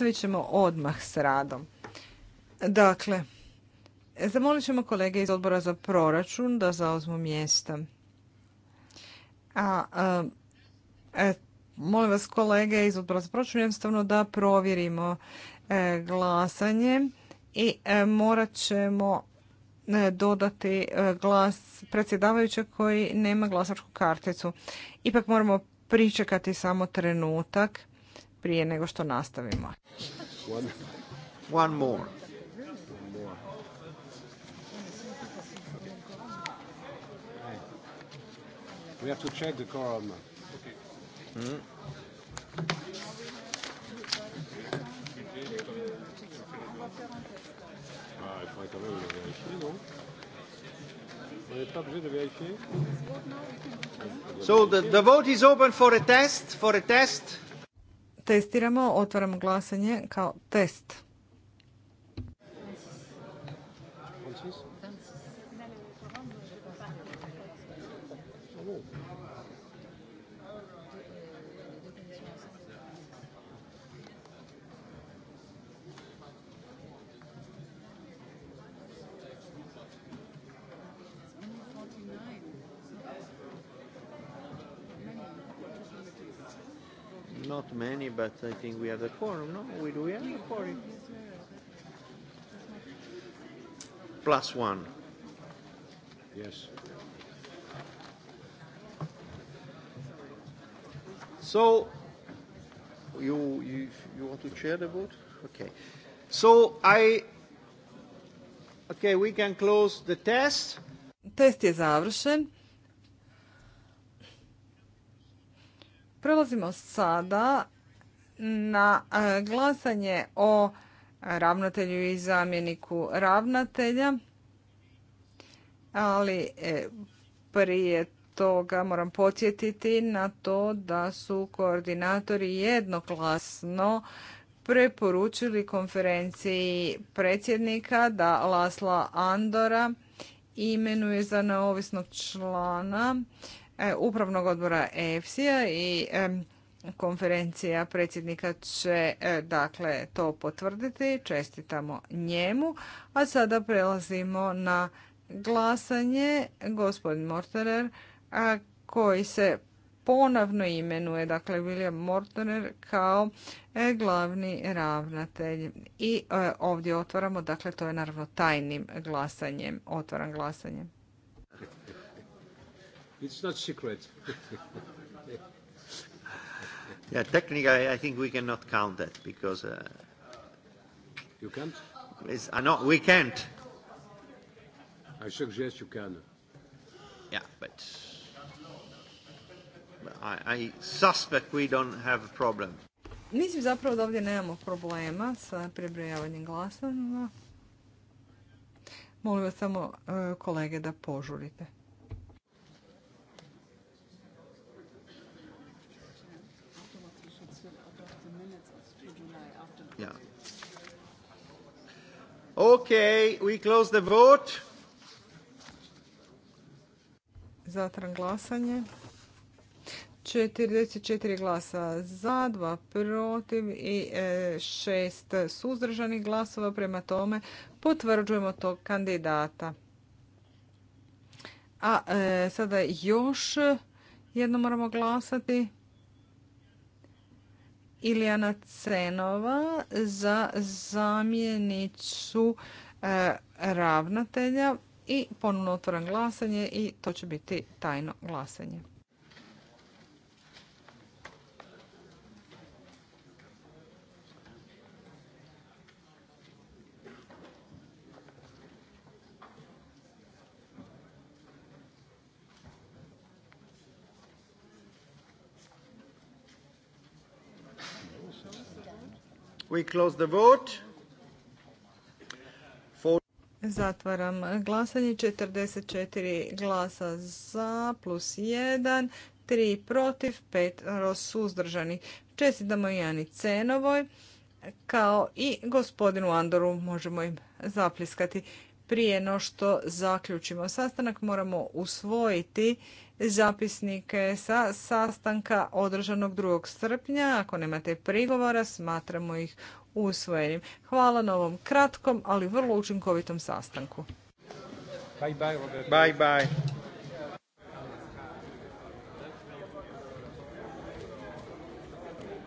nastavit ćemo odmah s radom. Dakle, zamolit ćemo kolege iz odbora za proračun da zauzmu mjesta. A, e, molim vas kolege iz odbora za proračun jednostavno da provjerimo e, glasanje i e, morat ćemo e, dodati glas predsjedavajućeg koji nema glasačku karticu. Ipak moramo pričekati samo trenutak prije nego što nastavimo. One, one more. We have to check the quorum. Okay. Mm. Ah, il faudrait quand même le vérifier, non On n'est pas obligé de vérifier So the, the vote is open for a test, for a test. Testiramo, otvaramo glasanje kao test. not many, but I think we have the quorum, no? We do we have the quorum? Plus one. Yes. So, you, you, you want to chair the vote? Okay. So, I... Okay, we can close the test. Test je završen. Prelazimo sada na e, glasanje o ravnatelju i zamjeniku ravnatelja. Ali e, prije toga moram podsjetiti na to da su koordinatori jednoglasno preporučili konferenciji predsjednika da Lasla Andora imenuje za neovisnog člana E, upravnog odbora EFSI-a i konferencija predsjednika će e, dakle to potvrditi. Čestitamo njemu. A sada prelazimo na glasanje. Gospodin Mortener koji se ponavno imenuje, dakle William Mortoner kao e, glavni ravnatelj. I ovdje otvaramo, dakle to je naravno tajnim glasanjem, otvaram glasanjem. It's not secret. yeah, technically, I think we cannot count that because. Uh, you can't? It's, uh, no, we can't. I suggest you can. Yeah, but. I, I suspect we don't have a problem. Mislim zapravo da ovdje nemamo problema sa prebrojavanjem glasova. Molim vas samo e, kolege da požurite. Okay, we close the vote. Zatran glasanje. 44 glasa za, 2 protiv i 6 e, suzdržanih glasova. Prema tome potvrđujemo tog kandidata. A e, sada još jedno moramo glasati. Ilijana Cenova za zamjenicu e, ravnatelja i ponovno otvoran glasanje i to će biti tajno glasanje. We close the Zatvaram glasanje. 44 glasa za plus 1, 3 protiv, 5 suzdržani. Čestitamo Ani Cenovoj kao i gospodinu Andoru možemo im zapliskati. Prije no što zaključimo sastanak moramo usvojiti zapisnike sa sastanka održanog 2. srpnja. Ako nemate prigovora, smatramo ih usvojenim. Hvala na ovom kratkom, ali vrlo učinkovitom sastanku. Bye bye. Robert. Bye bye.